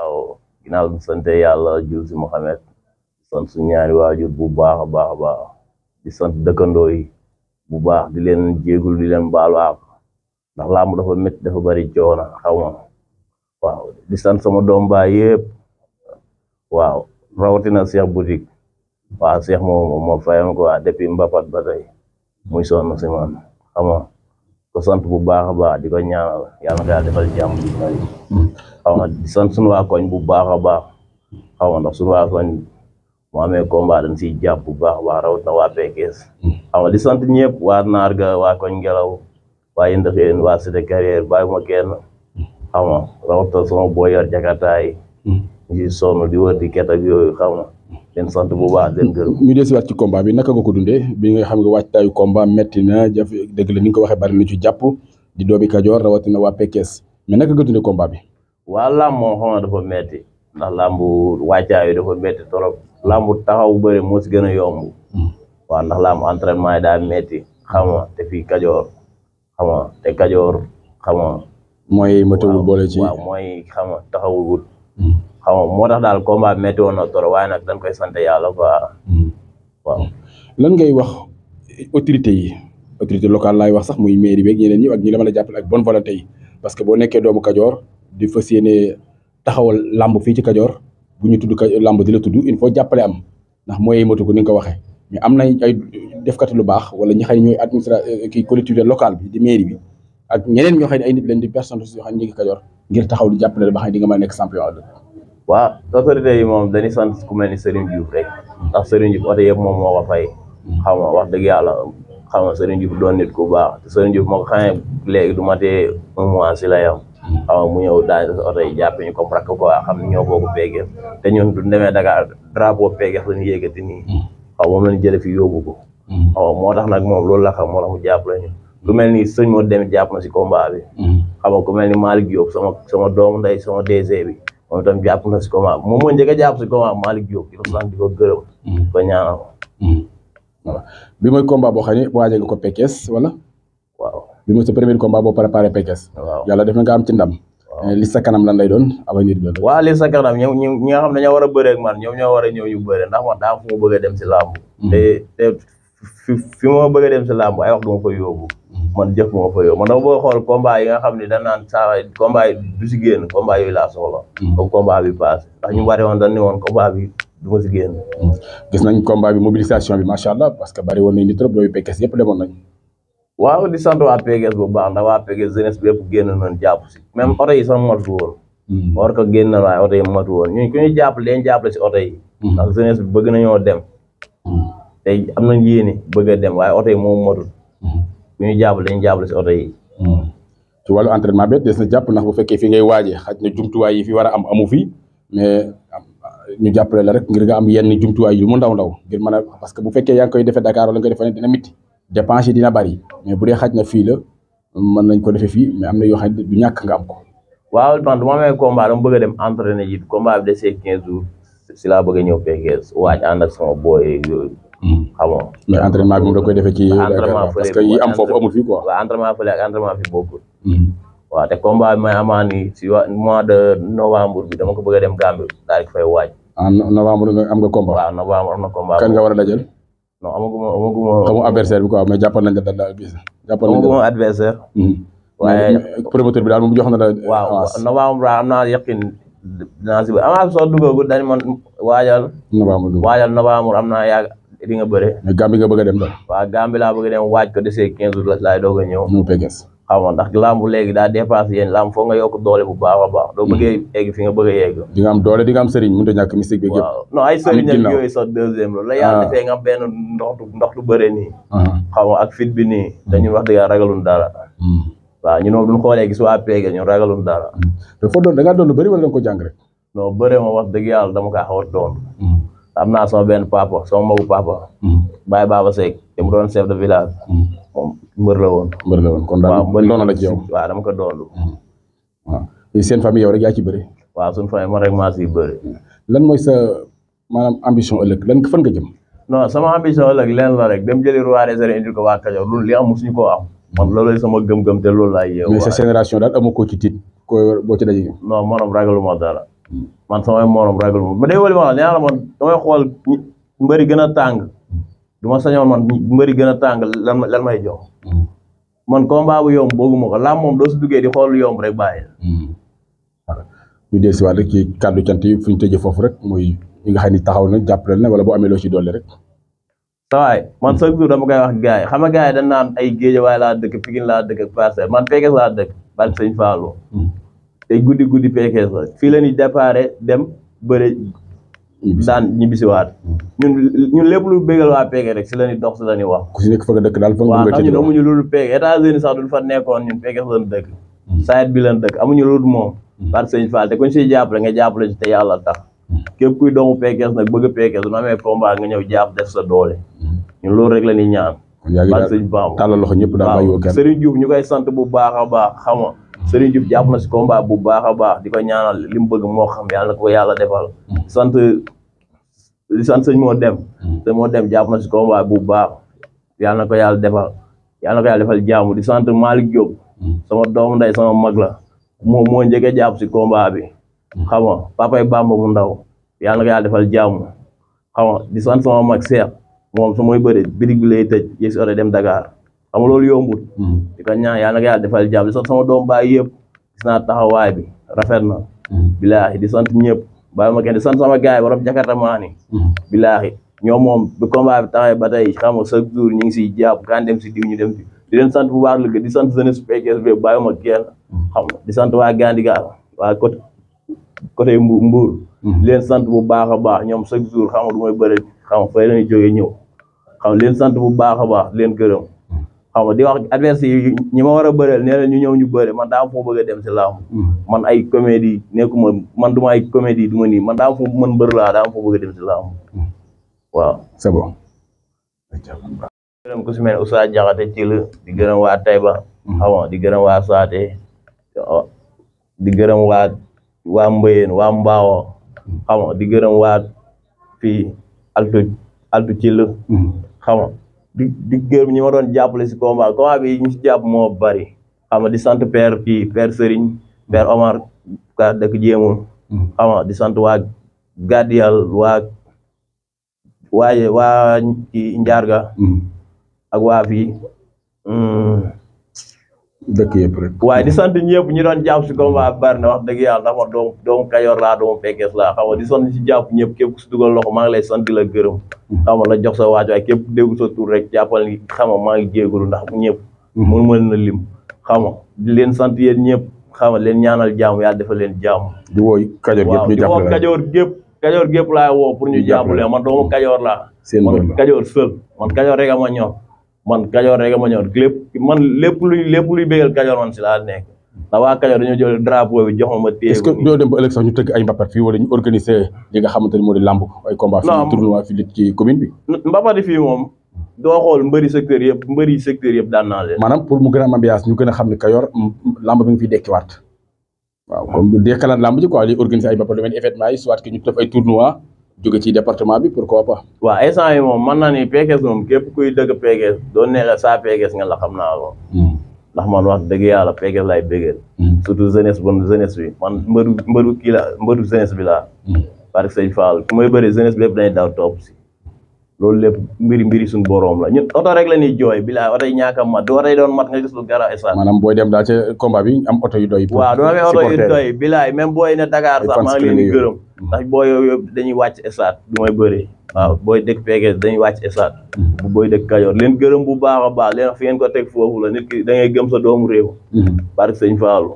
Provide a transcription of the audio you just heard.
waaw ginnaaw bi sant yàlla jul si Muhammad sant suñu ñaari waajur bu baax a baax a baax di sant dëkkandoo yi bu baax di leen jéegul di leen baalu àq ndax laamu dafa métti dafa bari coono xaw ma waaw di sant sama doom baa yëpp waaw rawatina Cheikh Boutique waa Cheikh moom moo fayam ko depuis mbapat ba tey muy sonn si man ko sant bu baax a baax di ko ñaanal yàlla nga defal jàmm bi may xaw di sant suñu waa koñ bu baax a baax xaw ma ndax suñu waa koñ mu amee combat dañ siy jàpp bu baax a baax na waa Pekes xaw ma di sant ñëpp waa naar ga wa koñ ngelaw waa wa waa cité carrière bàyyi ma kenn xaw ma rawatina sama booyar jakataay ñu siy di wër di ket ak yooyu leen sant bu baax leen gërëm. ñu desiwaat ci combat bi naka nga ko dundee bi nga xam nga waajtaayu combat metti na jafe dëgg la ni nga ko waxee bari na ci jàpp di doomi Kajoor na waa Pekes mais naka nga dundee combat bi. waa làmb moom xam nga dafa metti ndax làmbu waajtaayu dafa metti trop. làmbu taxaw bëri moo si gën a yomb. Hmm. waaw ndax làmbu entraînement yi daal metti xam nga te fi Kajoor xam nga te Kajoor xam nga mooy matawul boole ci waaw mooy xam nga taxawul xam nga moo tax daal combat bi métti woon na trop waaye nag dañ koy sant yàlla quoi. Hmm. waaw lan ngay wax autorité yi autorité locale laay wax sax muy mairie beeg ñeneen ñi ak ñi la mën a jàppale ak bonne volonté yi parce que boo nekkee doomu kadior di fas yéene taxawal làmb fii ci kadior bu ñu tudd làmb di la tudd il faut jàppale am ndax mooy matu ko ni nga ko waxee mais am na ay defkat lu baax wala ñi xam ne ñooy administration eh, kii collectivité locale bi di mairie bi ak ñeneen ñoo xam ne ay nit leen di personne yoo xam ne ñu ngi Kajoor ngir taxaw lu jàppale ba xam ne di nga mën a nekk champion waa autorité yi moom dañuy sant ku mel ni Serigne Diouf rek ndax Serigne Diouf oto yëpp moom moo ko fay xam wax dëgg yàlla xam nga Serigne Diouf doon nit ku baax Serigne Diouf moo ko xamee léegi du matee un la yam xam nga mu ñëw daal sa oto yi jàpp ñu comme rakk ko xam ne ñoo bokk PGF te ñun du demee Dakar drapeau PGF la ñu yëkkati nii mm. xaw moom lañu jële fi yóbbu ko mm. xaw moo tax nag moom loolu la xam moo tax mu jàpp lu mel ni sëñ moo dem jàpp si combat bi mm. xam nga ku mel ni Malick Diop sama sama doom ndey sama DG moom itam jàpp na si combat moom moo njëkk a jàpp si combat Malick Diop di ko di ko gërëm. ko ñaanal ko. bi mooy combat nga ko Pekes wala. waaw bi mooy sa premier combat boo préparé Pekes. waaw yàlla def nga am ci ndam. li sa kanam lan lay doon bi li sa kanam ñoom ñi nga xam ne ñoo war ak man ñoom ñoo war a ñëw ñu ndax man daa fu ma bëgg dem te te fi bëgg dem ay wax ko man jëf moo fa yow man dama booy xool combat yi nga xam ne da naan saa combat yi du si génn combat yooyu laa soxla. Hmm. comme combat bi paase ndax bari woon dañ ne woon combat bi du ma si génn. Hmm. gis nañ combat bi mobilisation bi macha allah parce que bari woon nañ ni trop loolu PKS yëpp demoon nañ. waaw di sant waa PKS bu baax ndax waa PKS jeunesse bi yëpp génn nañ jàpp si. même oto yi sax war hmm. ko génn na waaye oto yi motu woon ñun ku ñu jàppale leen jàppale si oto yi. bi bëgg nañoo dem. tey am nañ yéene bëgg dem waaye oto moom motul bu ñuy jàppale dañuy jàppale si oto yi. Hmm. ci wàllu entraînement bi des na jàpp ndax bu fekkee fi ngay waajee xaj na jumtuwaay yi fi war a am amu fi mais ñu jàppale la rek ngir nga am yenn jumtuwaay yu mu ndaw ndaw ngir mën a parce que bu koy defee Dakar wala nga koy defee bari mais bu dee xaj na fii la mën nañ ko defee fii mais am na yoo xam ne du ñàkk nga am ko. waaw man du ma amee combat dem entraîner ji combat bi desee 15 jours si laa bëgg a ñëw Pekes waaj ànd ak sama booy xam mm. ah nga mais entraînement bi da koy defee ci entraînement parce que yi am foofu amul fii quoi waaw entraînement fële ak fi bokkul mm. waaw te combat bi amaan ni mois de novembre bi dama ko bëgg a dem Gambie daal ah, na combat kan nga war a dajal non amaguma amaguma xamu adversaire bi quoi mais jàppal na la daal la bis jàppal adversaire mm. waaye promoteur bi daal moom jox na la waaw novembre am naa yaqin dinaa si avance bi di nga bëre. nga bëgg a dem daal. waaw laa bëgg a dem waaj ko desee 15 jours la laay doog a ñëw. ñëw Pekes. xam nga ndax làmb léegi daa dépassé yéen làmb foog nga yokk doole bu baax a baax. doo bëggee hmm. egg fi nga bëgg a yegg. di doole di sëriñ mënut a ñàkk mystique bi yëpp. waaw ay sëriñ ak la. la yàlla ah. defee nga am ndox ndox lu bëre nii. Ah. xam nga ak bi nii. dañuy wax dëgg ragalun dara. Hmm. waaw ñun moom bu ñu xoolee gis waa Pekes ñun ragalun dara. Hmm. te foo da ngaa doon lu bëri wala da ko jàng rek. non bëre ma wax dëgg yàlla a am naa sama benn papa sama magu papa. Hmm. Baye Baba Seck te mu doon chef de village. Hmm. moom mbër la woon. mbër la woon kon daal mbër noonu la ci yow. waaw dama ko doon. Hmm. waaw seen famille yaa ci bëri. famille man rek maa siy bëri. lan mooy sa maanaam ambition ëllëg lan fan nga jëm. sama ambition ëllëg leen la rek dem jëli roi des arènes indil waa Kajoor loolu li am mosuñu koo am. man loolu sama gëm-gëm te loolu laay yeewu. mais sa génération daal amoo ko ci tiit ko man samay morom ragal moom ma day wali ma la man damay xool mbari gën a tàng du ma sañoon man mbëri gën a tàng lan lan may jox man combat bu yomb bëgguma ko làmb moom doo si duggee di xool yomb rek bàyyi ñu dee si waat rek ci kàddu cant yi fu ñu tëjee foofu rek mooy ñi nga xam ni taxaw na jàppale na wala boo amee loo ci dolli rek sawaay man chaque jour dama koy wax gars yi xam nga gars yi dañ naan ay géejawaay laa dëkk Pikine laa dëkk ak Parcelles man Pekes laa dëkk barke Sëñ Fallou hmm. te guddi guddi Pékesse la fii la ñuy déparé dem bëre daan ñibisiwaat ñun ñun lépp lu bégal waa Pékesse rek si la ñuy dox si la ñuy wax ku si nekk fa nga dëkk daal fa nga waaw xam ñun amuñu loolu Pékesse États-Unis sax duñ fa nekkoon ñun Pékesse lañ dëkk hmm. bi lañ dëkk amuñu loolu moom par hmm. sëñ Fall te kuñ siy jàppale nga jàppale ci te yàlla tax hmm. képp kuy doomu Pékesse nag bëgg a Pékesse bu amee nga ñëw jàpp def sa doole ñun loolu rek la ñuy ñaan par sëñ Bamba tàllal loxo ñëpp daal bàyyiwoo ñu koy sant bu baax a baax xama Serigne Diouf jàpp na si combat bu baax a baax di ko ñaanal li mu bëgg moo xam yàlla na ko yàlla defal mm. sant di sant sëñ moo dem mm. sëñ moo dem jàpp na si combat bu baax yàlla na ko yàlla defal yàlla na ko defal jaamu di sant Malick Diop mm. sama doom ndey sama mag la moom moo njëkk a jàpp si combat bi xam nga papay Bamba mu ndaw yàlla na ko yàlla defal jaamu xam nga di sant sama mag Cheikh moom su may bëri birig bi lay dem Dakar xam nga loolu yombul. Hmm. di ko ñaan yàlla nga yàlla defal jàmm di sant sama doom baay yëpp gis naa taxawaay bi rafet na. Hmm. bilaahi di sant ñëpp bàyyi ma kenn di sant sama gars yi borom jakarta maa ni. Hmm. bilaahi ñoom moom bi combat bi taxawee ba tey xam nga chaque jour ñu ngi siy jàpp kan dem si diw ñu dem si di sant bu baax di sant jeunesse PKS bi bàyyi ma kenn xam nga di sant waa Gandigaal waa côté côté Mbour Mbour. di leen sant bu baax a baax ñoom chaque jour xam nga du may bëri xam nga fay leen jógee ñëw xam leen sant bu baax a baax leen gërëm. xam nga di wax adversaire yi ñi ma war a bëreel nee na ñu ñëw ñu bëre man daa am foo bëgg a dem si laamu hmm. man ay comédie nekkuma man du ma ay comédie du ma nii man daa am foo mën bër laa daa am a dem si laamu hmm. waaw c'est gërëm ku si mel ne di gërëm waa Taïba hmm. xam nga di gërëm waa Saate di gërëm waa waa di gërëm waa fii altu altu ci la di di gërëm ñi ma doon jàppale si combat combat bi ñu si jàpp bari xam di sant père fii père Serigne père Omar ka dëkk jéemu hmm. xam di sant waa Gadiyal waa waaye waa ci Njaarga hmm. ak waa fii hmm. dëkk waaye di sant ñëpp ñu doon jàpp si combat bi bari na wax dëgg yàlla ndax man doomu doomu Kajoor laa doomu Pekes laa xam di sant si jàpp ñëpp képp ku si dugal loxo maa ngi lay sant di la gërëm. Mm-hmm. xam nga la jox sa waaj waaye képp déggu sa tuur rek jàppal ni xam nga maa ngi jégalu ndax ñëpp. mën mën na lim xam nga di leen sant yéen ñëpp xam leen ñaanal jàmm yaa defal leen jàmm. di woo Kajoor gépp ñu jàppale waaw di woo Kajoor gépp Kajoor gépp laay woo pour ñu jàppale man doomu mm-hmm. Kajoor laa. seen man Kajoor sël man Kajoor rek man kajoor rek ma ñor lépp man lépp luy lépp luy man si laa nekk ndax waa kajoor dañoo jox ma dem ba ëllëg sax ñu tëgg ay mbapat fii wala ñu organiser moo di làmb ay combat fii tournoi fii ci commune bi. mbapat fii yëpp daan naa leen. maanaam pour mu gën a am ñu gën a xam ne kajoor mm, làmb bi nga fiy dekkiwaat. waaw comme dekkalaat làmb ji quoi di organiser ay mbapat lu mel ni événement soit que ñu def ay tournoi jóge ci département bi pourquoi pas. waaw instant yi moom mën naa ni PKS moom képp kuy dëgg PKS doon ne la saa PKS nga la xam naa ko. Hmm. ndax man wax dëgg yàlla PKS laay bëggeel. Hmm. surtout jeunesse bon jeunesse bi man mbëru mbëru kii la mbëru jeunesse bi laa. parce hmm. que sëñ Fall ku may bëri jeunesse bi yëpp dañuy daw si. loolu lépp mbiri mbiri suñu boroom la oto rek la ñuy jooy bilaa oto yi ñàkk a mat du oto yi doon mat nga gis lu gara esaan maanaam booy dem daal combat bi am oto yu doy waaw du amee oto bilaay même booy ne Dakar sax maa ngi leen di gërëm ndax booy yooyu dañuy wàcc esaan du may bëree waaw booy dëkk Pekes dañuy wàcc esaan mm-hmm. booy dëkk Kajoor leen gërëm bu baax a baax leen fi ngeen ko teg foofu la nit ki da gëm sa doomu réew mm-hmm. barke sëñ faalo